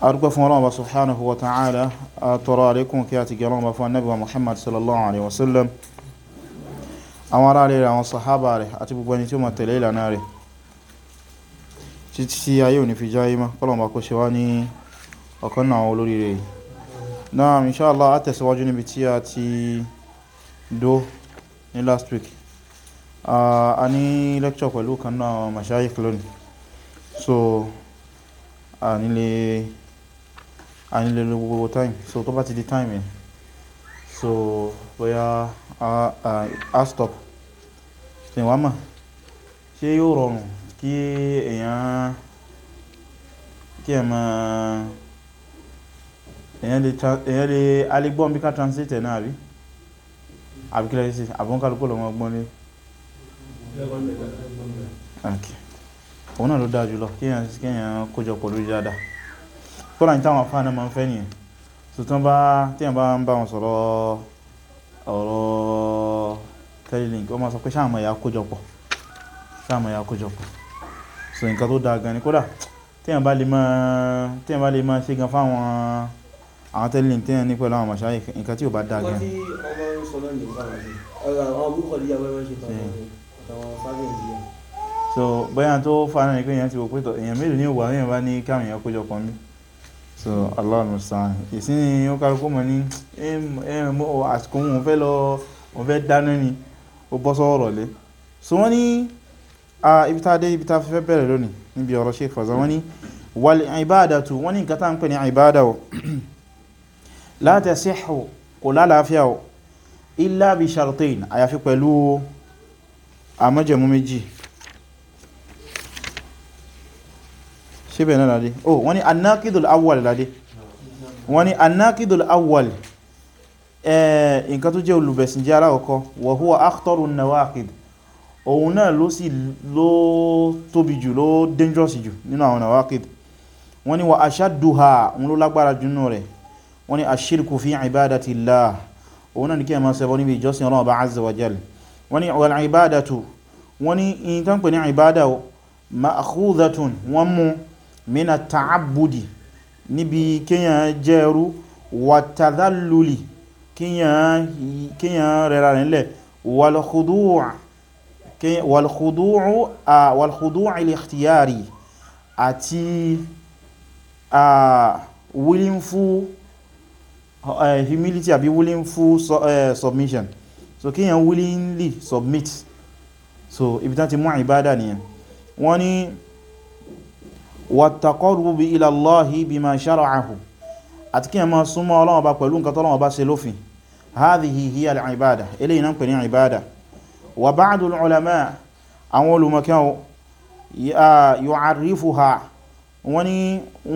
arúgbó fún ọlọ́wọ́ subhanahu wa ta'ala a tọrọ àríkún kí a ti gẹ̀rọ ọmọ fún annabi wa muhammad sallallahu alaihi wasallam àwọn ará rẹ̀ àwọn sahaba rẹ̀ àti gbogbo ẹni tí ó ma tẹ̀lé ìlànà rẹ̀ títí tí ayé òní fi jáyé má kọlọ̀mà kó ṣe wá ní ọ̀kan àwọn olórí rẹ̀ náà insha a tẹ̀síwájú níbi tí a ti dó ní last week a ní lecture pẹ̀lú kan náà lónìí so a nílé a nílé lo gbogbo time so tó bá ti di time yẹn so bóyá a stop ṣe wá mà ṣé yóò rọrùn kí èèyàn kí ẹ̀ máa èèyàn lè alégbọ́n bí ká translate ẹ̀ náà àbí àbíkílẹ̀ sí àbúkálùkù lọ́wọ́ gbọ́n lé òun náà ló dáa jùlọ kí èèyàn kójọpọ̀ lórí dáadáa kọ́lá ní táwọn afáàná ma ń fẹ́ so tán bá tíyàn bá ń bá wọn sọ̀rọ̀ ọ̀rọ̀ telelink wọ́n ma sọ pé sáàmà so nǹkan tó dáa gan ni kódà tíyàn bá lè máa tíyàn bá lè máa ṣe gan fáwọn àwọn telelink tíyàn ní pẹ̀lú àwọn màṣáyé nǹkan so bóyá tó fa náà ni pé èèyàn ti wò pé èèyàn mélòó ní mi so allah musan ìsìn ó kálukú mọ̀ ní àsìkò òun fẹ́ lọ òun fẹ́ dáná ni ó bọ́ sọ́rọ̀ lé so wọ́n ní ibi tá dé ibi tá fẹ́ bẹ̀rẹ̀ lónìí níbi ọ̀rọ̀ Shaykh Fawzān wọ́n ní wal ibādatu wọ́n ní nǹkan tá ń ní ìbádà o lā tasihhu kò lálàáfíà o illā bi sharṭayn àyàfi pẹ̀lú àmọ́jẹ̀mú méjì ṣe bẹ̀rẹ̀ ládé oh wọ́n ni annákìdùl awwal ládé wọ́n ni annákìdùl awwal eh, nǹkan tó jẹ́ olùbẹ̀sìn jẹ́ alákọ̀ọ́kọ́ wa huwa akhtaru nawaqid òun náà ló sì ló tóbi jù ló dangerous jù nínú àwọn nawaqid wọ́n ni wa ashadduha òun ló lágbára jù nínú rẹ̀ wọ́n ni ashirku fi ibadatillah òun náà ní kí ẹ máa ṣẹbọ níbi ìjọsìn Ọlọ́run Ọba azza wa jal wọ́n wal ibadatu wọ́n in tán pè ní ibada ma'khudhatun wọ́n mú mina ta'abbudi níbi kíyàn jẹ́ ẹrú wa tadhalluli kíyàn rẹ̀ra nílẹ̀ wal khudu' wal khudu' wal khudu' al-ikhtiyari àti willingful eh, humility àbí willingful eh, submission so kíyàn willingly submit so ibi tán ti mú ìbádà nìyẹn wọ́n ni wàtàkọ́rùbù ilàláhì bí ma ṣára'ahu àti kí a máa súnmọ́ Ọlọ́run Ọba pẹ̀lú nǹkan tọ́lọ́run Ọba ṣe lófin hadhihi hiya al-ibada eléyìí náà pè ní ibada wa ba'du al-ulama àwọn olùmọ̀kẹ́wọ̀ yu'arrifuha wọ́n ni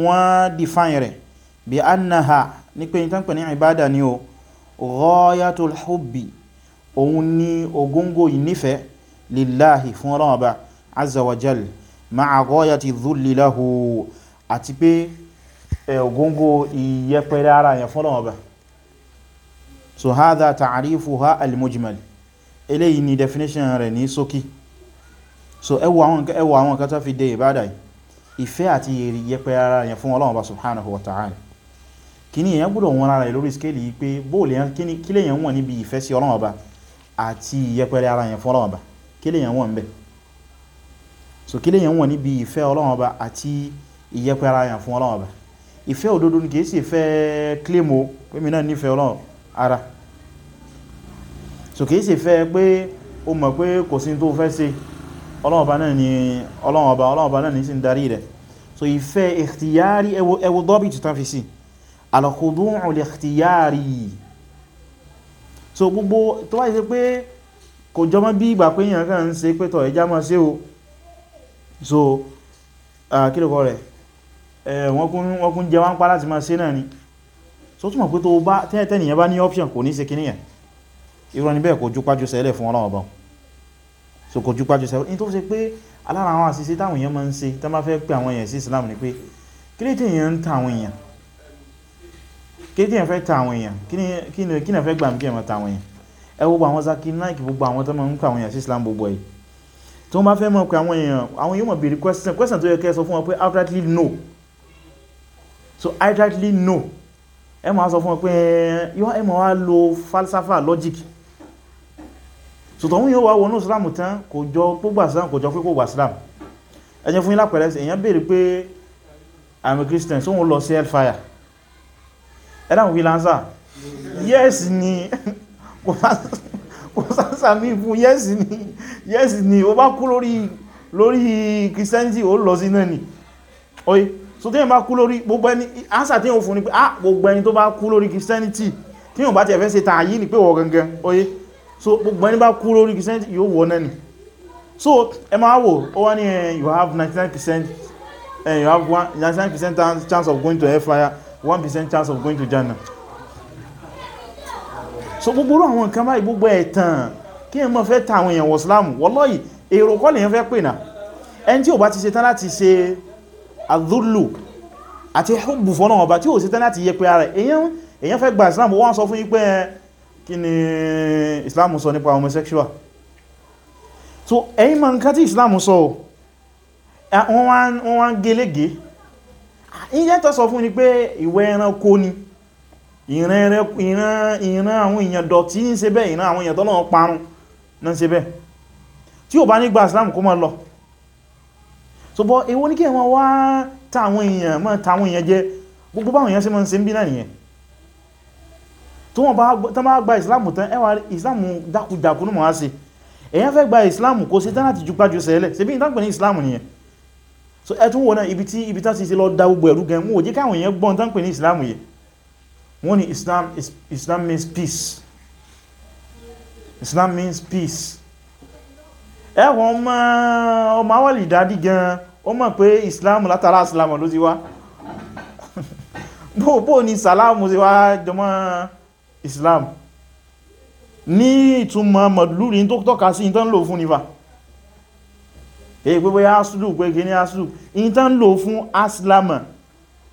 wọ́n define rẹ̀ bí ni ma'a ghayati dhulli lahu àti pé eh, ògóngó ìyẹpẹrẹ ara yẹn fọ́lọ̀ ọba so hadha ta'rifuha al-mujmal eléyìí ni definition rẹ̀ ní ṣókí so ẹwà àwọn kan tó fi dé ìbádà ìfẹ́ àti ìyẹpẹrẹ ara yẹn fún Ọlọ́run ọba subhanahu wa ta'ala kí ni èyàn gbọ́dọ̀ wọn ara rẹ̀ lórí skéèlì yìí pé bóòlù kí lèyàn wọ̀n níbi ìfẹ́ sí Ọlọ́run ọba àti so kí lèyàn wọ̀n níbi ìfẹ́ Ọlọ́run Ọba àti ìyẹpẹ ara yàn fún Ọlọ́run Ọba ìfẹ́ òdodo ni kìí sì fẹ́ kílèmù pé mi náà nífẹ̀ẹ́ Ọlọ́run ara so kìí sì fẹ́ pé o mọ̀ pé kò sí tó fẹ́ ṣe Ọlọ́run Ọba náà ni Ọlọ́run Ọba Ọlọ́run Ọba náà ni sì ń darí rẹ̀ so ìfẹ́ ikhtiyari ẹwọ dọ́bì tí fi sí al-khudu' li so gbogbo tó wáyé pé kò jọmọ́ bí ìgbà pé èèyàn kan ń ṣe pé tọ̀ ẹjá máa ṣe o so kílòkọ́ rẹ̀ wọ́n kún jẹ wọ́n pá láti máa ṣe náà ni so túnmọ̀ pé tó bá tẹ́ẹ̀tẹ́nìyàn bá ní option kò ní ṣe kíníyàn irọ́ ni bẹ́ẹ̀ kò jùpájú sẹ́lẹ̀ fún ọlọ́wọ́ so kò jùpájú sẹ́lẹ̀ ní tó ṣe pé alára àwọn àṣìṣe táwọn èèyàn máa ń ni pé kí ni èèyàn ń ta ni èèyàn fẹ́ ta àwọn èèyàn ni èèyàn fẹ́ gbà mí kí èèyàn ta àwọn èèyàn ẹ gbogbo àwọn zaki nike gbogbo àwọn tó máa tí wọ́n bá fẹ́ mọ̀ pé àwọn èèyàn àwọn yíò mọ̀ bèèrè question question tó yẹ kẹ́ sọ fún wọn pé outrightly no so outrightly no ẹ máa sọ fún wọn pé yíò ẹ máa wá lo falsafa logic so tọ̀hún yíò wá wọnú Islam tán kò jọ gbogbo Islam kò jọ pé kò gbà Islam ẹjẹ fún ilá pẹ̀lẹ́ èèyàn bèèrè pé I'm a Christian so wọ́n lọ sí hellfire ẹ dáhùn fi lanza yes ni kò fásitì sàmì fún yẹ́sì ni yẹ́sì ni ó bá kú lórí lórí christianity ó lọ sí náà ni oye so tí yẹn bá kú lórí gbogbo ẹni ánsà tí yẹn fún ni pé ah gbogbo ẹni tó bá kú lórí christianity tí yẹn bá ti ẹ̀fẹ́ ṣe tààyí ni pé wọ̀ gangan oye so gbogbo ẹni bá kú lórí christianity yóò wọ náà ni so ẹ máa wò ó wá ní you have 99% eh, you have 99% eh, chance of going to hellfire 1% chance of going to Jannah so gbogbo orú àwọn nǹkan báyìí gbogbo ẹ̀tàn kí ẹ mọ́ fẹ́ ta àwọn èèyàn wọ Islam wallahi èrò kọ́ lèyàn fẹ́ pè náà ẹni tí ò bá ti ṣetán láti ṣe adúlù àti hubbu fọ́nà ọba tí ò ṣetán láti yẹ pé ara èèyàn fẹ́ gba Islam wọ́n sọ fún yí pé kí ni Islam sọ nípa homosexual so ẹ̀yin mọ̀ nǹkan tí Islam sọ wọ́n wá ń gẹ́lẹ́gẹ́ ìyẹ́tọ̀ sọ fún ni pé ìwẹ̀ ẹranko ni ìran àwọn èèyàn dọ̀tí ń ṣe bẹ́ ìran àwọn èèyàn tọ́lọ́wọ́ parun náà ṣe bẹ́ tí ò bá ní gba Islam kó mọ́ lọ so bọ́ èwo ní kí ẹ̀wọ̀n wá táwọn èèyàn mọ́ táwọn èèyàn jẹ gbogbo báwọn èèyàn ṣe mọ́ ṣe ń bí náà nìyẹn tó wọ́n bá gba Islam tán ẹwà Islam dákúdàkú ní mọ̀ á sí èèyàn fẹ́ gba Islam kó ṣe tán láti jùpájú sẹ́lẹ̀ ṣe bí ìtàkùn ní Islam nìyẹn so ẹ tún wọ́n náà ibi tí ibi tá ti ṣe lọ da gbogbo ẹ̀rú gan wọn ò jẹ́ èèyàn gbọ́n tán pè ní Islam yìí When Islam is, Islam means peace Islam means peace ẹwọ ọmọ ọmọ awọ́lì ìdádí gan ó mọ̀ pé Islam látara Islam ló ti wá bóòbóò ni salamu ti wá jọmọ́ Islam ní ìtumọ̀ mọ̀lúrí tó tọ́ka sí ìtàn lò fún nífà èyí pé bóyá asùlù pé ní asùlù ìtàn lò fún aslama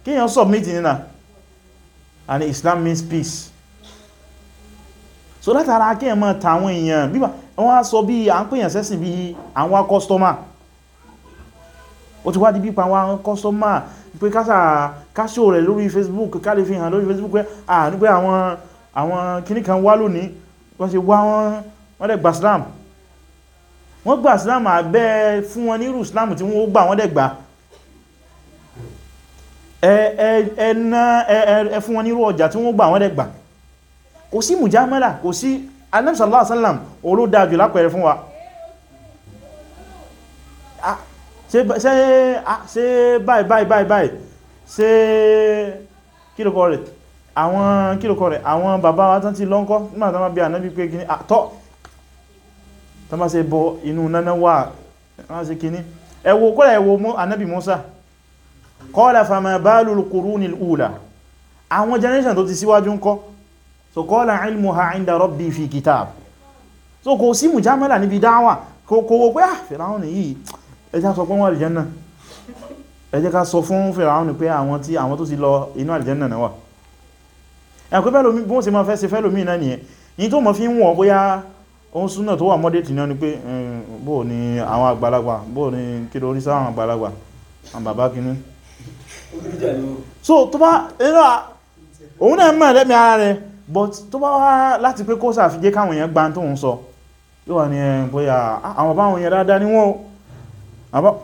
kíyàn submit nínà and Islam means peace so látara kí ẹ máa tàwọn èèyàn bíbá wọ́n á sọ bí i à ń pèyàn sẹ́sìn bí àwọn kọ́stọ́mà ó ti wá di pípa àwọn kọ́stọ́mà pé káṣò rẹ̀ lórí Facebook ká lè fi hàn lórí Facebook pé à ní pé àwọn kìní kan wá lónìí wọ́n ṣe wá wọ́n dẹ̀ gbà Islam wọ́n gbà Islam àbẹ́ fún wọn nírú Islam tí wọ́n gbà wọ́n dẹ̀ gbà ẹ fún wọn nírú ọjà tí wọ́n gbà wọ́n dẹ̀ gbà kò sí mùjámálà kò sí Ànábì sallallahu alaihi wasallam olódájú lápẹẹrẹ fún wa ṣe báyìí báyìí báyìí báyìí ṣe kílòkọ rẹ̀ àwọn kílòkọ rẹ̀ àwọn bàbá wa tán ti lọ́nkọ́ nígbàtà máa bí ànábí pé gini àtọ́ tán bá ṣe bọ inú nánáwà wọ́n ṣe kìíní ẹ wò kọ́lá ẹ wò mọ́ ànábì Mùsá qala fama balul qurunil ula àwọn generation tó ti síwájú ńkọ́ so qala ilmuha inda rabbi fi kitab so kò sí mujamala níbi dáwà kò wò pé ah Fìràún yìí ẹjá sọ pọ́n wà aljanna ẹ jẹ́ ká sọ fún Fìràún pé àwọn tí àwọn tó ti lọ inú aljanna náà wà ẹ̀kọ́ fẹ́lómi bí wọ́n ṣe máa fẹ́ ṣe fẹ́lómi náà nìyẹn ní ohun súnà tó wà mọ́dẹ̀tì náà ni pé bóò ni àwọn àgbàlagbà bóò ni kí lórí sáwọn àgbàlagbà àwọn bàbá so tó bá ẹ̀rọ òun náà mọ̀ lẹ́mí ara rẹ̀ but tó bá wá láti pé kó sàfijé káwọn èèyàn gbá tó ń sọ yóò wà ní ẹ̀yìn eh, bóyá ah, àwọn bá wọn yẹn dáadáa ní wọ́n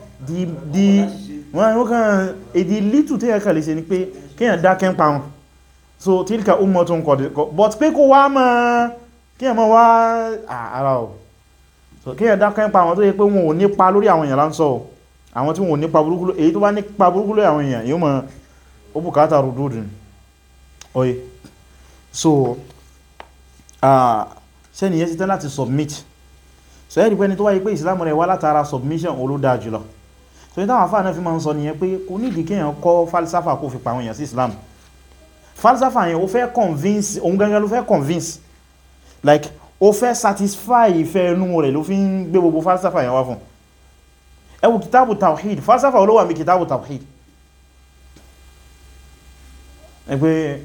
di wọ́n kàn èdè lítù tí ẹ̀kà lè ṣe ni pé kíyàn dákẹ́ ń pa wọn so tilka ummatun qad but pé kó wá mọ́ kíyàn mọ́ wá àárá ah, ọ̀ so kíyàn dákẹ́ ń pa wọn tó yẹ pé wọn ò nípa lórí àwọn èèyàn láńsọ́ ọ̀ àwọn tí wọ́n nípa burúkú èyí tó bá nípa burúkú lórí àwọn èèyàn yíò mọ̀ ó bùkátà rúdúdù oye so sẹ́ni yẹ́ sí tán láti submit so ẹ́rì pẹ́ni tó wáyé pé ìsìlámù rẹ̀ wá látara submission olódá jùlọ so ní táwọn afáàná fi máa ń sọ nìyẹn pé kò ní ìdíkẹ́ èèyàn kọ́ falsafa kó fi pàwọn èèyàn sí islam falsafa yẹn ó fẹ́ convince òun gangan ló fẹ́ convince like ó fẹ́ satisfy ìfẹ́ inú rẹ̀ ló fi ń gbé gbogbo falsafa yẹn wá fún un ẹwù kìtàbù tawhid falsafa olówà mi kìtàbù tawhid ẹgbẹ́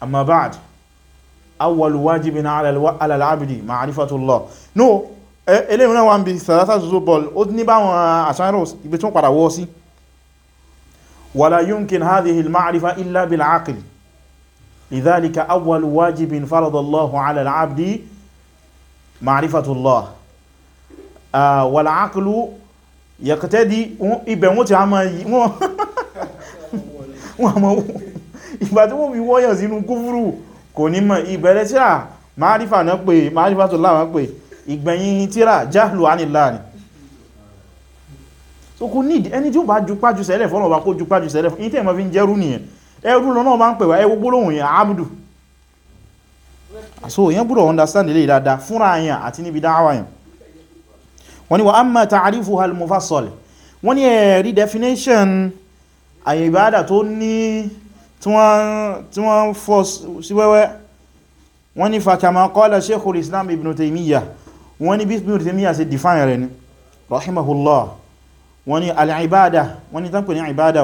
amma ba'd awwal wajibin ala al-abdi ma'rifatullah no ele náà wà ń bí sàrátà zuzo ball ó ní bá wọn àṣánrò ibe tún para wọ́ sí wala yumkin hadhihi al-ma'rifa illa bil-aql lidhalika awwal wajibin farada faradallahu ala al-abdi ma'rifatu Allah wal-aqlu yẹ̀kẹ̀tẹ́dì ibẹ̀ wọ́n ti àmà wọ́n ìgbà tí wọ́n fi wọ́yàn sínú kúfúrú kò ní mọ̀ ìbẹ̀rẹ̀ tíra márífà náà pé márífà tó láwọn pé ìgbẹ̀yìn tíra jáàlù ánìlá ni so kò ní ẹni tí ó bá ju pájú sẹ́lẹ̀ fọ́nà ọba kó ju pájú sẹ́lẹ̀ fún ìtẹ́ ìmọ̀ fi ń jẹ́rú nìyẹn ẹrú lọ́nà bá ń pè wá ẹwọ́ gbólóhùn yẹn àbùdù so èyàn gbọ́dọ̀ understand ilé dáadáa fúnra yẹn àti níbi dáwà yẹn wọ́n ni wa amma ta'arifuha al-mufassal wọ́n ni ẹ̀rí definition àyè ìbádà tó ní tí wọ́n fọ́ sí wẹ́wẹ́ wọ́n ni fakama qala sheikhul islam ibn taimiyya wọ́n ni ibn taimiyya ṣe define rẹ̀ ni rahimahullah wọ́n ni al'ibada wọ́n ni tánkù ní ibada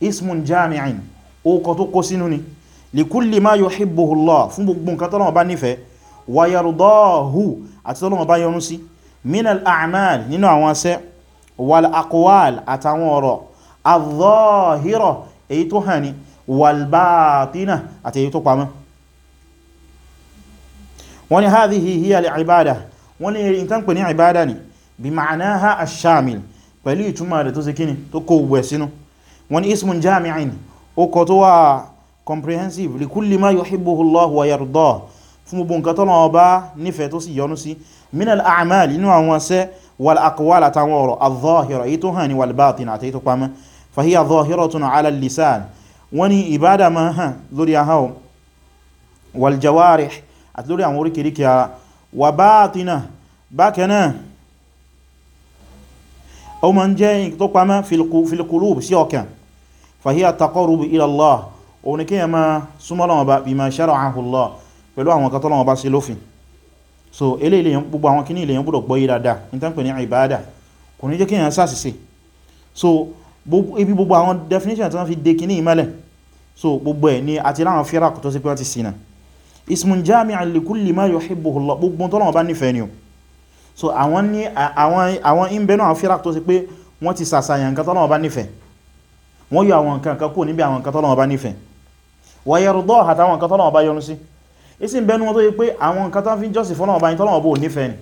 ismun jami'in ó kọ tó kó sínú ni likulli ma yuhibbuhullah fún gbogbo nǹkan tọ́lọ́wọ́ bá nífẹ̀ẹ́ wa àti tọ́lọ́wọ́ bá yọ́nú sí minal a'mal nínú àwọn sẹ́ wal aqwal àtàwọn ọ̀rọ̀ adh-dhahira èyí tó hàn ní wal batina àti èyí tó pamọ́ wọ́n ni hadhihi hiya al-ibada wọ́n ni in tán pè ní ibada ni bi ma'naha ash-shamil pẹ̀lú ìtumọ̀ rẹ̀ tó sì kíni tó kó gbẹ̀ sínú wọ́n ismun jami'in ó kọ tó wà comprehensive li kulli ma yuhibbuhu Allah wa yardah fún gbogbo nǹkan tọ́nà ọba nífẹ̀ẹ́ tó sì yọ́nú sí minal a'mal inú àwọn ṣẹ́ wal aqwal àtàwọn ọ̀rọ̀ adh-dhahira èyí tó hàn ní wal batin àti èyí tó pamọ́ fahiya dhahiratun ala lisan wọ́n ní ìbádà máa hàn lórí ahọ́ wal jawarih àti lórí àwọn oríkèríkè ara wà batina bákanáà ó ma ń jẹ́ tó pamọ́ fil sí ọkàn fahiya taqarrub ila òun ni kí ya súnmọ́lọ́wọ́ bá bima shara'ahu Allah pẹ̀lú àwọn kan tọ́lọ́wọ́ bá ṣe lófin so eléyìí lèyàn gbogbo àwọn kíní lèyàn gbọ́dọ̀ gbọ́yé dáadáa ní tán pè ní ìbáadà kò ní jẹ́ kí èyàn ṣàṣìṣe so ibi gbogbo àwọn definition tí wọ́n fi de kíní ìmẹ́lẹ̀ so gbogbo ẹ̀ ni àti láwọn fíra kò tó sí pé wọ́n ti ṣìnà ismun jami'an li so àwọn ní àwọn ìbẹ̀ náà fíra tó sí pé wọ́n ti ṣàṣàyàn nǹkan tọ́lọ́wọ́ bá nífẹ̀ẹ́ wọ́n yọ àwọn nǹkan kan kúrò níbi àwọn nǹkan tọ́lọ́wọ́ bá nífẹ̀ẹ́ wọ́n yẹrù nǹkan tọ́lọ́wọ́ bá yọnu sí isi ń bẹnu wọn tó yí pé àwọn nǹkan tán fi jọ́sìn fọ́nà ọba ìtọ́lọ̀ ọba ò nífẹ̀ẹ́ ni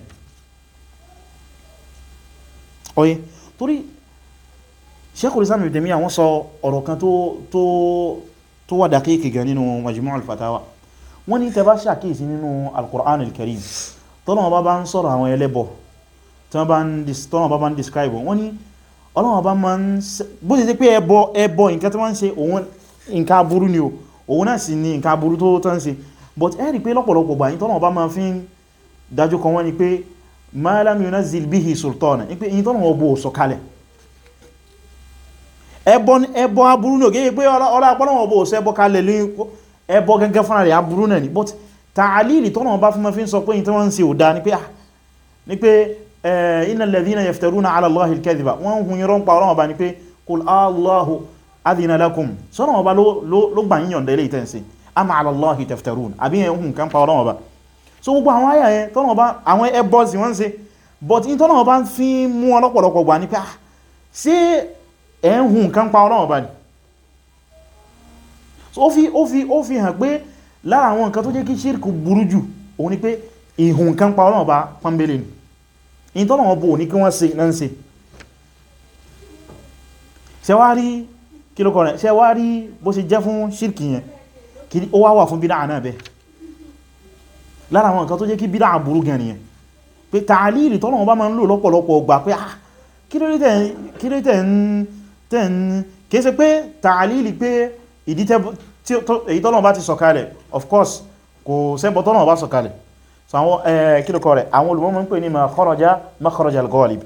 oye torí Sheikhul Islam Ibn Taymiyyah wọ́n sọ ọ̀rọ̀ kan tó wà dákíkì gan nínú Majmu' al-Fatawa wọ́n ní tẹ bá ṣàkíyèsí nínú al-Qur'an al-Karim tọ́lọ̀ ọba describe wọ́n ní ọlọ́wọ́n bá máa ń bó ti ṣe pé o òun náà sì ni but ẹ rí pé lọ́pọ̀lọpọ̀ gbà yí tọ́nà ọba máa fi ń dájú kan wọ́n ni pé ma lam yunazzil bihi sultana ní pé yí tọ́nà ọba ò sọ̀kalẹ̀ ẹbọ aburú ní ògéyè pé ọlá apọ́nà ọba ò sẹ́bọ kalẹ̀ gẹ́gẹ́ ni but ta'alili tọ́nà ọba fún ma fi ń sọ pé yí tọ́nà ń se ò dá ni ah, eh, ala Allahi al-kadhiba wọ́n hun pa ọlọ́wọ́ bá ni pé Allahu adhina lakum sọ́nà ọba ló gbà yíyàn dẹ́lẹ̀ ìtẹ́ǹsìn am ala Allahi taftarun àbí yẹn hùn kan pa ọlọ́wọ́ bá so gbogbo àwọn àyà yẹn tọ́nà bá àwọn ẹbọ sí wọ́n ṣe but in tọ́nà bá fi mú ọlọ́pọ̀lọpọ̀ gbà ní pé ah ṣé ẹ̀ ń hùn kan pa ọlọ́wọ́ bá ni so ó fi ó fi ó fi hàn pé lára àwọn nǹkan tó jẹ́ kí ṣírkù burú jù òun ni pé ìhùn kan pa ọlọ́wọ́ bá pọ́nbélé ni in tọ́nà wọn bò ní kí wọ́n ṣe náà ń ṣe ṣe kí ló kọ̀ rẹ̀ ṣe bó ṣe jẹ́ fún ṣírkì yẹn kìí ó wá wà fún bídá náà bẹ́ lára àwọn nǹkan tó jẹ́ kí bídá burú gan nìyẹn pé tààlìlì tọ́lọ̀wọ́n bá ma ń lò lọ́pọ̀lọpọ̀ ọgbà pé ah kílórí tẹ̀ ń kìí ṣe pé tààlìlì pé ìdí tọ́lọ̀wọ́n bá ti sọ̀kalẹ̀ of course kò sẹ́bọ̀ tọ́lọ̀wọ́n bá sọ̀kalẹ̀ so àwọn kílùkọ rẹ̀ àwọn olùmọ́mọ́ ń pè ní ma kharaja makharaj al-ghalib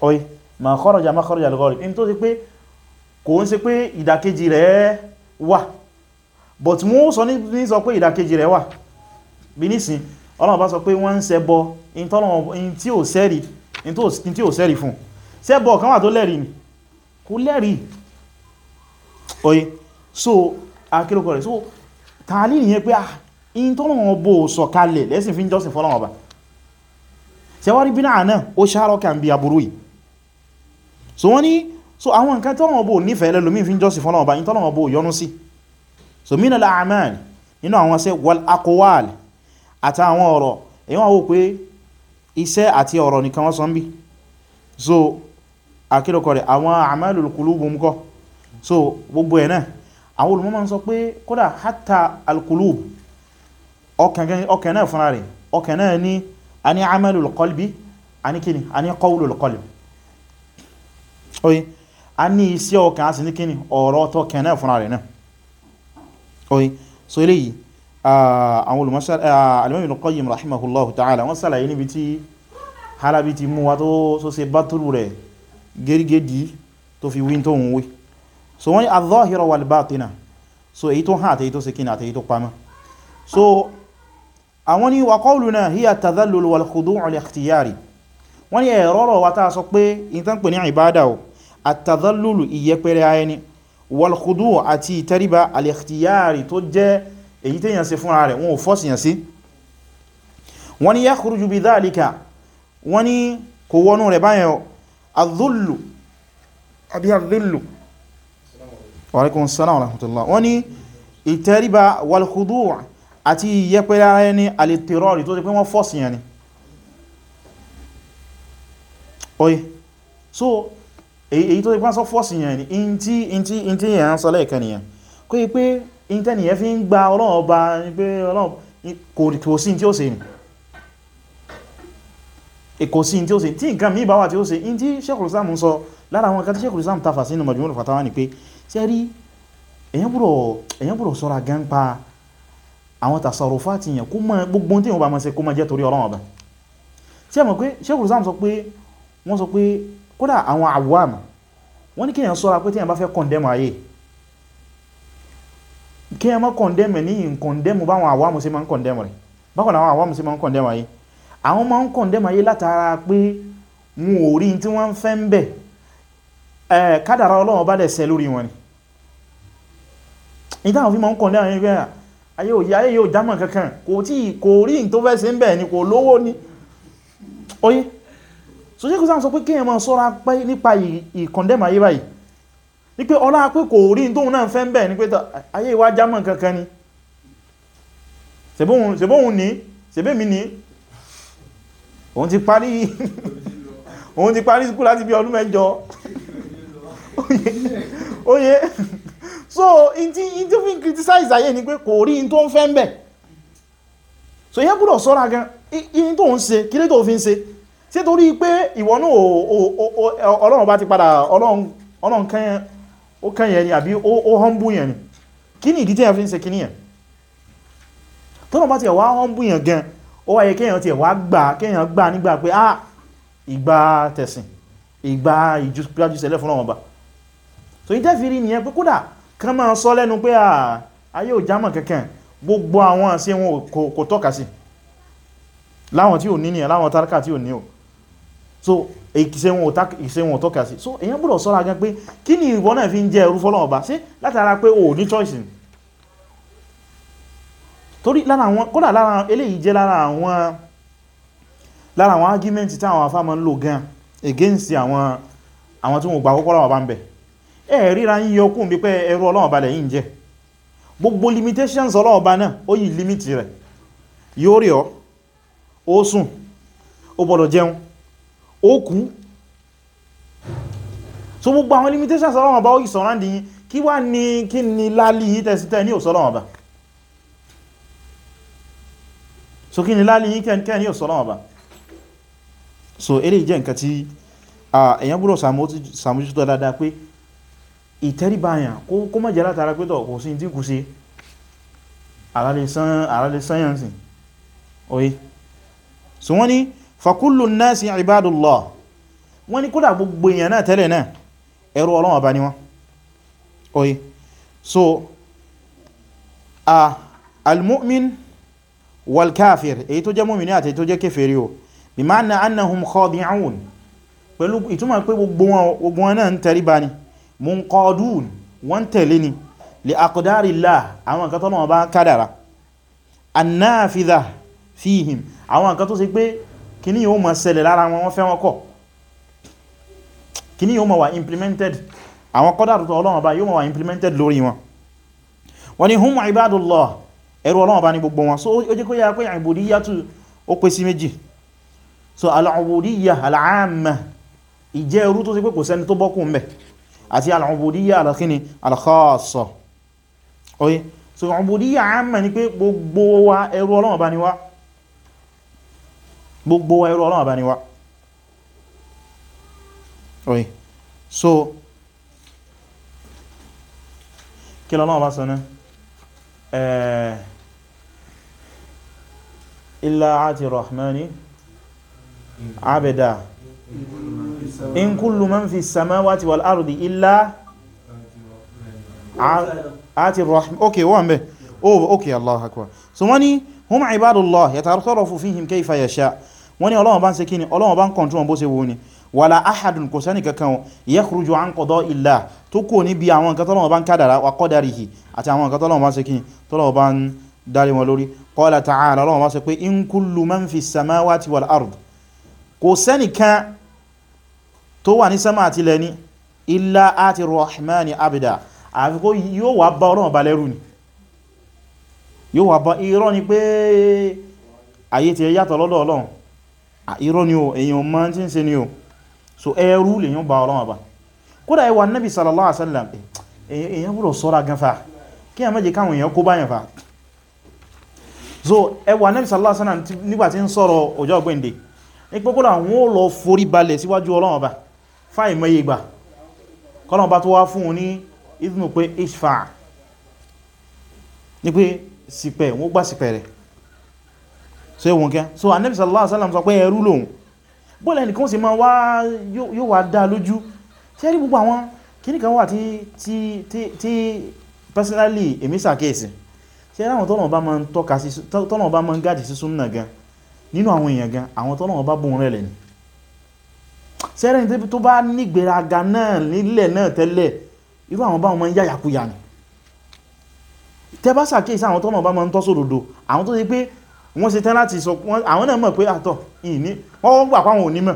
oye ma kharaja makharaj al-ghalib in tó ṣe pé kò ń ṣe pé ìdàkejì rẹ̀ wà but wọ́n sọ ní sọ pé ìdàkejì rẹ̀ wà bí nísìn Ọlọ́run bá sọ pé wọ́n ń ṣẹbọ in tí ò sẹ́rì fún ṣẹbọ kan wà tó lẹ́rì ni kò lẹ́rì oye so akílùkọ rẹ̀ so tààlì nìyẹn pé ah in tọ́lọ̀wọ̀n bó sọ kalẹ̀ lẹ́sìn fi ń jọ́sìn fọ́lọ́run ọba ṣẹwárí bí náà náà ó ṣàárọ̀ kà ń bí aburú yìí so wọ́n ní so àwọn nǹkan tọ́lọ̀wọ̀n bó nífẹ̀ẹ́ lẹ́lòmí fi ń jọ́sìn fọ́lọ́run ọba in tọ́lọ̀wọ̀n bó yọnú sí si so mina la amal nínú àwọn ṣe wal aqwal àtàwọn ọ̀rọ̀ èyàn wò pé iṣẹ́ àti ọ̀rọ̀ nìkan wọ́n sọ ń bí so akílọ̀kọ̀ rẹ̀ àwọn amalul qulub mú so gbogbo ẹ̀ náà àwọn olùmọ̀ máa ń sọ pé kódà hatta alqulub ọkàn náà fúnra rẹ̀ ọkàn náà ní a ní amalul qalbi a ní kíni a ní qawlul qalbi oye a ní iṣẹ́ ọkàn a ọ̀rọ̀ tọkàn náà fúnra rẹ̀ náà oye so eléyìí àwọn olùmọ́sá Al-Imam Ibn Qayyim rahimahullahu ta'ala wọ́n sàlàyé níbi tí Halabi ti mú wa tó so se bátúrù rẹ̀ gẹ́gẹ́dì tó fi wí tó ń wí so wọ́n ni adh-dhahira wal-batina so èyí tó hàn àtèyí tó se kíni àtèyí tó pamọ́ so àwọn ni wa qawluna hiya at-tadhallul wal-khudu' li-ikhtiyari wọ́n ni ẹ̀rọ́rọ̀ wa sọ pé ìtàn pè ní ìbádà at-tadhallul ìyẹpẹrẹ ayẹni walkhudu àti ìtẹríba al-ikhtiyari tó jẹ́ èyí tí yàn ṣe fúnra rẹ̀ wọn ò fọ́sì yàn sí wọ́n ni yakhruju bi dhalika wọ́n ni kò wọnú rẹ̀ báyẹn adhullu àbí adhullu wa alaykum assalam wa rahmatullah wọ́n ni ìtẹríba walkhudu àti so èyí tó ipá sọ fọ́sì yẹn ni in tí in tí in tí yẹn sọ lẹ́ẹ̀kan nìyẹn kó yí pé in tẹ́ nìyẹn fi ń gba ọlọ́run ọba pé ọlọ́run kò sí tí ó ṣe ni e, kò sí tí ó ṣe tí nǹkan mí báwà tí ó ṣe in tí Sheikhul Islam ń sọ lára àwọn kan tí Sheikhul Islam tafà sínú Majmu'ul Fatawa ni pé ṣe rí èyàn búrọ̀ sọ́ra gan pa àwọn tàṣàrùfà ti yàn kó mọ́ gbogbo tí wọ́n bá mọ́ ṣe kó mọ́ jẹ́ torí ọlọ́run ọba ṣe mọ̀ pé Sheikhul Islam sọ pé kódà àwọn àwàm wọ́n ní kíyàn sọ́ra pé tí yàn bá fẹ́ kọ̀ndẹ́mù ayé kíyàn mọ́ kọ̀ndẹ́mù ní kọ̀ndẹ́mù báwọn àwàmù sí máa ń rẹ̀ àwọn àwàmù sí máa ń ayé àwọn máa ń kọ̀ndẹ́mù ayé látara pé wọn ò rí tí wọ́n fẹ́ ń bẹ̀ kádàrá Ọlọ́run bá so ṣe kò sáà sọ pé kíyàn máa sọ́ra pé nípa ìkọ̀ndẹ́mà ayé báyìí ní pé ọlá pé kò rí tóun náà fẹ́ ń bẹ̀ ní pé ayé ìwá jámọ̀ kankan ni ṣebóhun ní ṣebé ní òun ti parí òun láti bí ọdún mẹ́jọ oye so in ti fi ń criticize ayé ni pé kò rí tó ń fẹ́ ń bẹ̀ so yẹ́ gbọ́dọ̀ ṣé torí pé ìwọ náà ọlọ́run bá ti padà ọlọ́run kẹ́yẹn ó kẹ́yẹn ni àbí ó humble yẹn ni kí ni ìdí tí ẹ fi ń ṣe kí ni yẹn tọ́nà bá ti ẹ̀wà humble yẹn gan ó wáyé kẹ́yàn ti ẹ̀wà gbà kẹ́yàn gbà nígbà pé ah ìgbà tẹ̀sìn ìgbà ìjúsẹ̀lẹ̀ fún ọmọ ọba so ìtẹ́ fi rí nìyẹn pé kódà kan máa sọ lẹ́nu pé ah, ayé ò jámọ̀ kẹ́kẹ́ gbogbo àwọn àṣẹ wọn kò tọ́ka sí láwọn tí ò ní nìyẹn láwọn tálákà tí ò ní o so ìṣe wọn ò tọ́ka sí so èyàn gbọ́dọ̀ sọ́ra gan pé kí ni ìwọ náà fi ń jẹ́ ẹrú fọ́lọ́run ọba sí látara pé o ní choice ni torí lára àwọn kódà lára eléyìí jẹ́ lára àwọn lára àwọn argument táwọn afá máa ń lò gan against àwọn àwọn tí wọ́n gbà kọ́kọ́ láwọn bá ń bẹ̀ ẹ̀ ríra ń yọ kún bí pé ẹrú ọlọ́run balẹ̀ yìí ń jẹ́ gbogbo limitations ọlọ́run ba náà ó yìí limit rẹ̀ yóò rí ọ ó sùn ó gbọ́dọ̀ jẹun ó kú so gbogbo àwọn limitations ọlọ́wọ̀n bá ó yìí sọ̀rọ̀ dìyìn kí wá ní kí ni lálì yìí tẹ̀sítẹ̀ ní òsọ́lọ́wọ̀n bá so kí ni lálì yìí kẹ́ ní òsọ́lọ́wọ̀n bá so eré jẹ́ nǹkan tí èyàn gbúrò sàmójútó dáadáa pé ìtẹ́ríbáyàn kó mọ̀ jẹ́ látara pé tọ̀ kò sí dínkù sí àrálẹ̀ sáyẹ̀nsì oye so wọ́n ni fakullu nasi ibadullah wọ́n ni kódà gbogbo èèyàn náà tẹ́lẹ̀ náà ẹrú Ọlọ́run ọba ni wọ́n oye so a almu'min walkafir èyí tó jẹ́ mu'mini àti èyí tó jẹ́ kèfèrí o bí máa na annahum khadi'un pẹ̀lú ìtumọ̀ pé gbogbo wọn náà ń tẹríba ni munqadun wọ́n tẹ̀lé ni li aqdarillah àwọn nǹkan tọ́lọ́run bá kádàrá annáfidha fihim àwọn nǹkan tó ṣe pé kíní yóò máa ṣẹlẹ̀ lára wọn wọ́n fẹ́ wọn kọ̀ kíní yóò máa wà implemented àwọn kọ́dàrù tó Ọlọ́run bá yóò máa wà implemented lórí wọn wọ́n ni hum ibadullah ẹrú Ọlọ́run bá ní gbogbo wọn so ó jẹ́ kó yára pé ìbòdíyà tún ó so al'ubudiyya al'amma ìjẹ́ ẹrú tó sì pé kò sẹ́ni tó bọ́kùn mẹ́ àti so al'ubudiyya amma ni pé gbogbo wa ẹrú gbogbo wa ẹrú Ọlọ́run bá ní wa oye so kí l'Ọlọ́run bá sọ ní ẹ̀ẹ̀ eh, illa ati rahmani abeda in kullu man fi samawati wal ardi illa ati rahmani ok wọ́n bẹ̀ oh Allah akbar so wọ́n ni hum ibadullah yatatarrafu fihim kayfa yasha wọ́n ní Ọlọ́run bá ń ṣe kíni Ọlọ́run bá ń control bó ṣe wù ní wàlá ahadun kò sẹ́ni kankan yakhruju an qada'illah tó kò ní bí àwọn nǹkan tọ́lọ́run bá ń kádàrá wa qadarihi àti àwọn nǹkan tọ́lọ́run bá ń ṣe kíni tọ́lọ́run bá ń darí wọn lórí qala ta'ala Ọlọ́run bá ṣe pé in kullu man fi samawati wal ard kò sẹ́ni kan tó wà ní sánmà àti lẹ́ni illa ati rahmani abda àfikó yóò wà bá Ọlọ́run bá lẹ́rù ni yóò wà bá irọ́ ni pé ayé ti yàtọ̀ lọ́dọ̀ ọlọ́run irọ́ ni o èyàn ma ti ń ṣe ni o so ẹrú lè yàn bá ọlọ́run àbá kódà ẹwà nẹ́bì sallallahu alaihi wasallam eh, eh, èyàn búrọ̀ sọ́ra gan fa kí a mẹ́jẹ káwọn so ẹwà nẹ́bì sallallahu alaihi wasallam nígbà tí ń sọ̀rọ̀ ọjọ́ ọgbẹ́ndẹ̀ ní pé kódà wọ́n ó lọ forí balẹ̀ síwájú ọlọ́run àbá fáìmọye ìgbà kọ́lọ̀ bá tó wá fún un ní ishfa ni sípẹ̀ wọ́n gbà sípẹ̀ rẹ̀ so ẹwọ̀n kẹ́ so Ànábì sallallahu alaihi wasallam sọ pé ẹrú lòun bọ́ọ̀lẹ̀ nìkan sì máa wá yóò wá dá lójú tí ẹrí gbogbo àwọn kìníkan wà tí personally èmi sàkíyèsí tí ẹrí àwọn tọ́nà bá ma ń gáàdì sí súnnà gan nínú àwọn èèyàn gan àwọn tọ́nà bá bùn rẹ̀ lẹ́ni sẹ́rẹ̀ tó bá nígbèraga náà nílẹ̀ náà tẹ́lẹ̀ irú àwọn báwọn ma ń yáyàkúyà ni tẹ́ bá ṣàkíyèsí àwọn tọ́nà bá máa ń tọ́ sódodo àwọn tó ṣe pé wọ́n ṣe tán láti sọ àwọn náà mọ̀ pé àtọ̀ ìní wọ́n gbà pàwọn onímọ̀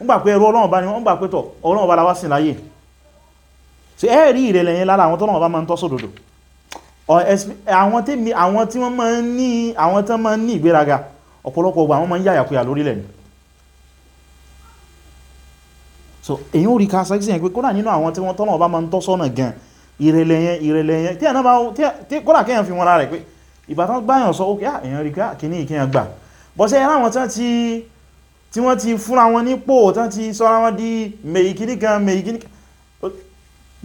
wọ́n gbà pé ẹrú Ọlọ́run bá ní wọ́n gbà pé tọ̀ Ọlọ́run bá la wá sìn láyé so ẹ rí ìrẹ̀lẹ̀ yẹn lára àwọn tọ́nà bá máa ń tọ́ sódodo àwọn tí wọ́n máa ń ní àwọn tán máa ń ní ìgbéraga ọ̀pọ̀lọpọ̀ ọgbà wọ́n máa ń yàyàkuyà lórílẹ̀ ni so èyí ò rí ká sẹ́kìsì yẹn pé kódà nínú àwọn tí wọ́n tọ́nà bá máa ń tọ́ sọ́nà gan-an ìrẹ̀lẹ̀ yẹn ìrẹ̀lẹ̀ yẹn tí ẹ̀nà bá tí kọ́lá kíyàn fi wọn rárẹ̀ pé ìbátan gbáyàn sọ ókè èyàn rí kìíní ìkíyàn gbà bọ́ sí ẹ̀rá wọn tí wọ́n ti fúnra wọn nípò tán ti sọ́ra wọn di mẹ́ìkíní kan mẹ́ìkíní kan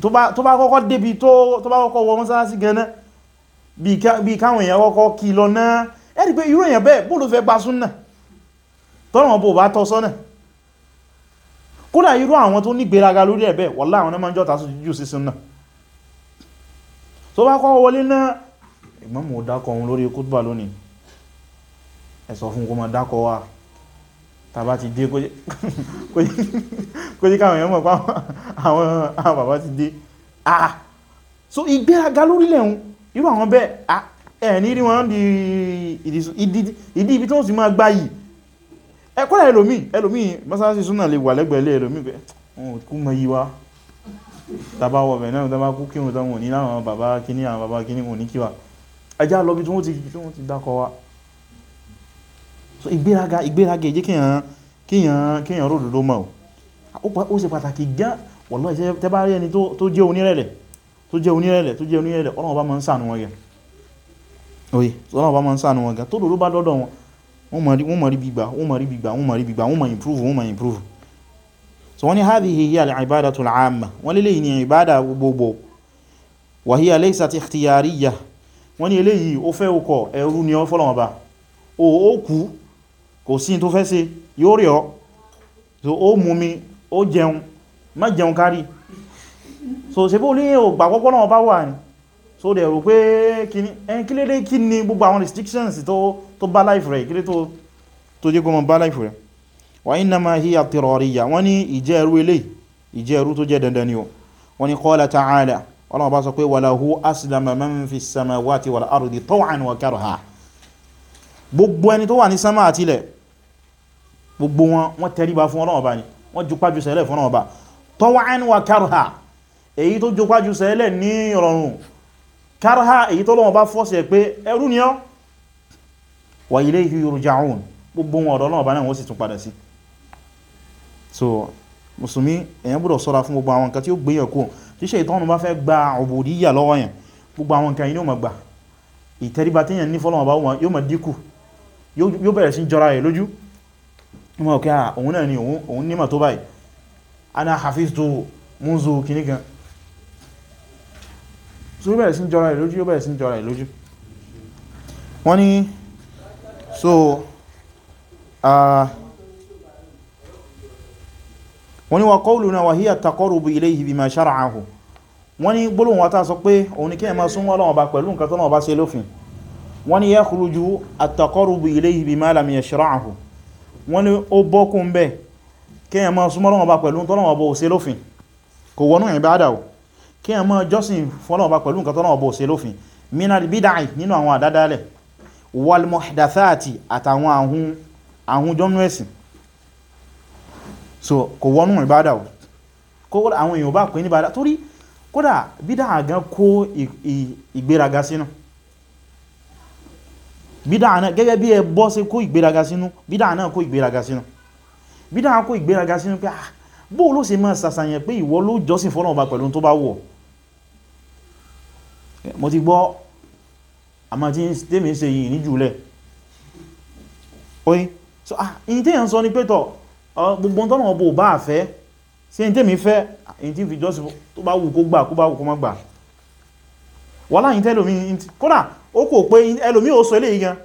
tó bá kọ́kọ́ débi tó bá kọ́kọ́ wọ mọ́sálásí gan náà bí káwọn èèyàn kọ́kọ́ kí lọ náà ẹ̀rí pé irú èèyàn bẹ́ẹ̀ bóòlù fẹ́ gba súnnà tọ́rọ̀ bó bá tó bá kọ́ wọlé náà ìgbọ́n mọ̀ dákọ̀ ohun lórí kútbà lónìí ẹ sọ fún kó má dákọ̀ wá tàbá ti dé kó jí káwọn èèyàn mọ̀ pa àwọn bàbá ti dé ah so ìgbéraga lórílẹ̀ ohun irú àwọn bẹ́ẹ̀ ah, ẹ̀ẹ̀ní rí wọn di ìdí ibi tó ń sì máa gbá yìí ẹ̀kọ́lẹ̀ ẹlòmí ẹlòmí mọ́sálásí súnà lè wà lẹ́gbẹ̀ẹ́lẹ́ ẹlòmí pẹ̀ tàbá wọ bẹ̀ náà tàbá kú kírun tán wọn ní láwọn bàbá kíní àwọn bàbá kíní wọn ní kíwà ẹjá lọ bí tí wọ́n ti tí wọ́n ti dákọ wa so ìgbéraga ìgbéraga èjì kíyàn kíyàn kíyàn ròdòdó mọ́ ó se pàtàkì gán wọ̀lọ́ ìṣẹ́ tẹ́ bá rí ẹni tó jẹ́ onírẹ̀lẹ̀ tó jẹ́ onírẹ̀lẹ̀ tó jẹ́ onírẹ̀lẹ̀ ọlọ́wọ́ bá máa ń ṣàánú wọn gẹ̀ oye ọlọ́wọ́ bá máa ń ṣàánú wọn gẹ̀ tó dòdó bá dọ́dọ̀ wọn wọ́n mọ̀ rí bí gbà wọ́n mọ̀ rí bí gbà wọ́n mọ̀ rí bí gbà wọ́n mọ̀ improve wọ́n mọ̀ improve so wọ́n ní hadhihi hiya al-ibadatu al-amma wọ́n lè ní ìbádà gbogbo wa hiya laysat ikhtiyariyya wọ́n ní eléyìí ó fẹ́ ọkọ̀ ẹrú ni ọ fọ́lọ̀wọ̀n bá o ó kú kò sí tó fẹ́ ṣe yóò rí ọ so ó mú mi restrictions tó bá life rẹ̀ kí lè tó jẹ́ wa innama hiya tirariya wọ́n ní ìjẹ́rú ilé ìjẹ́rú tó jẹ́ dandan ni o wọ́n ní qala ta'ala ọlọ́wọ́ bá sọ pé walahu aslama man fi samawati wal ardi taw'an wa karha gbogbo ẹni tó wà ní sánmà àti ilẹ̀ gbogbo wọn wọ́n tẹríba fún ọlọ́wọ́ bá ní wọ́n jupájú sẹ́lẹ̀ fún ọlọ́wọ́ bá taw'an wa karha èyí tó jupájú sẹ́lẹ̀ ní ìrọ̀rùn karha èyí tó lọ́wọ́ bá fọ́sẹ̀ pé ẹrú ni ọ́ wa ilayhi yurja'un gbogbo wọn ọ̀dọ̀ ọlọ́wọ́ bá náà wọ́n sì tún padà sí so mùsùlùmí èyàn gbọ́dọ̀ sọ́ra fún gbogbo àwọn nǹkan tí ó gbéyàn kó tí ṣàítánù bá fẹ́ gba ubudiyya lọ́wọ́ yẹn gbogbo àwọn nǹkan yìí yóò máa gbà ìtẹríba tí yẹn ní fọ́lọ́wọ́ bá wọn yóò máa dínkù yóò bẹ̀rẹ̀ sí jọra rẹ̀ lójú wọn kí òun náà ni òun nímọ̀ tó báyìí ana hafiztu munzu kìíní kan so yóò bẹ̀rẹ̀ sí jọra rẹ̀ lójú yóò bẹ̀rẹ̀ sí jọra rẹ̀ lójú wọ́n ní so uh, wọ́n ní wa qawluna wa hiya taqarrubu ilayhi bima shara'ahu wọ́n ní gbólóhùn wa ta sọ pé òun ni kí ẹ máa súnmọ́ Ọlọ́run Ọba pẹ̀lú nǹkan tọ́nà ọba ṣe lófin wọ́n ní yakhruju at-taqarrubu ilayhi bima lam yashra'ahu wọ́n ní ó bọ́kún bẹ́ kí ẹ máa súnmọ́ Ọlọ́run Ọba pẹ̀lú tọ́nà ọba ṣe lófin kò wọnú ìbádà o kí ẹ máa jọ́sìn fọ́nà ọba pẹ̀lú nǹkan tọ́nà ọba ṣe so kò wọnú ìbádà o kódà àwọn èèyàn bá pè ní ìbádà torí kódà bídà gan kó ìgbéraga sínú bídà náà gẹ́gẹ́ bí ẹbọ ṣe kó ìgbéraga sínú bídà náà kó ìgbéraga sínú bídà kó ìgbéraga sínú pé ah bóò ló ṣe máa sàṣàyàn pé ìwọ ló jọ́sìn fọ́nà ọba pẹ̀lú tó bá wọ̀ mo ti gbọ́ àmà tí tèmi ṣe yìí ní jùlẹ̀ oye so ah ìyí tèyàn sọ ni pé tọ́ gbogbo tọ́nà ọbọ̀ bá fẹ́ sí ẹni tẹ́mi fẹ́ èyí tí fi jọ́sí tó bá wù kó gbà kó bá wù kó má gbà wà láyìn tẹ́lòmí kódà ó kò pé ẹlòmí ò sọ eléyìí gan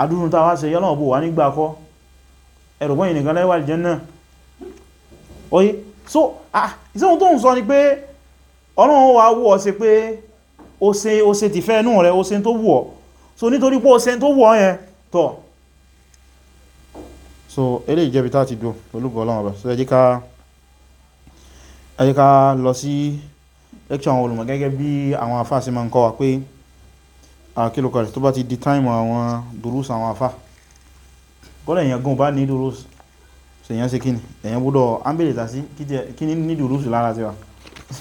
àdúrún tàwà ṣe yọ́nà ọbọ̀ wà nígbà kọ́ ẹ̀rọ̀gbọ́n ìnìkan lẹ́wà Aljanna oye so ah ìsẹ́wọ̀n tó ń sọ ni pé Ọlọ́run wà wù ọ́ ṣe pé ó ṣe ó ṣe tìfẹ́ inú rẹ̀ ó ṣe tó wù ọ́ so nítorí pé ó ṣe tó wù ọ́ yẹn tọ́ so eléyìí jẹ́ bí tá ti dùn pẹ̀lú Ọlọ́run Ọba so ẹ jẹ́ ká ẹ jẹ́ ká lọ sí lecture àwọn olùmọ̀ gẹ́gẹ́ bí àwọn àfáà ṣe máa ń kọ́ wa pé àkílùkọ̀ tó bá ti di táìmù àwọn dùrúsù àwọn àfáà kọ́lẹ̀ èèyàn gan bá ní dùrúsù so èèyàn ṣe kíni èèyàn gbọ́dọ̀ ámbèrè tà sí kíni ní dùrúsù lára tiwa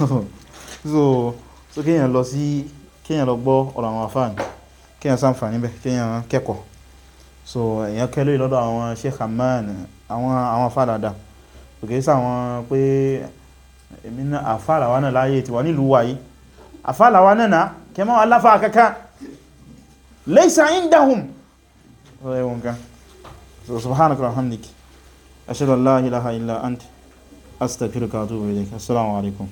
so so kéèyàn lọ sí kéèyàn lọ gbọ́ ọ̀rọ̀ àwọn àfáà ni kéèyàn ṣàǹfààní bẹ́ẹ̀ kéèyàn kẹ́kọ̀ọ́ so èyàn kẹ́lẹ́ lọ́dọ̀ àwọn Sheikh Hamman àwọn àwọn afárada òkè sí àwọn pé èmi náà afárawa náà láyé tiwa nílùú wáyé afárawa náà náà kẹmọ́ aláfà kankan laysa indahum ẹ̀wọ̀n kan so subhanaka wa hamdika ashhadu an la ilaha illa anta astaghfiruka wa atubu ilayk alaikum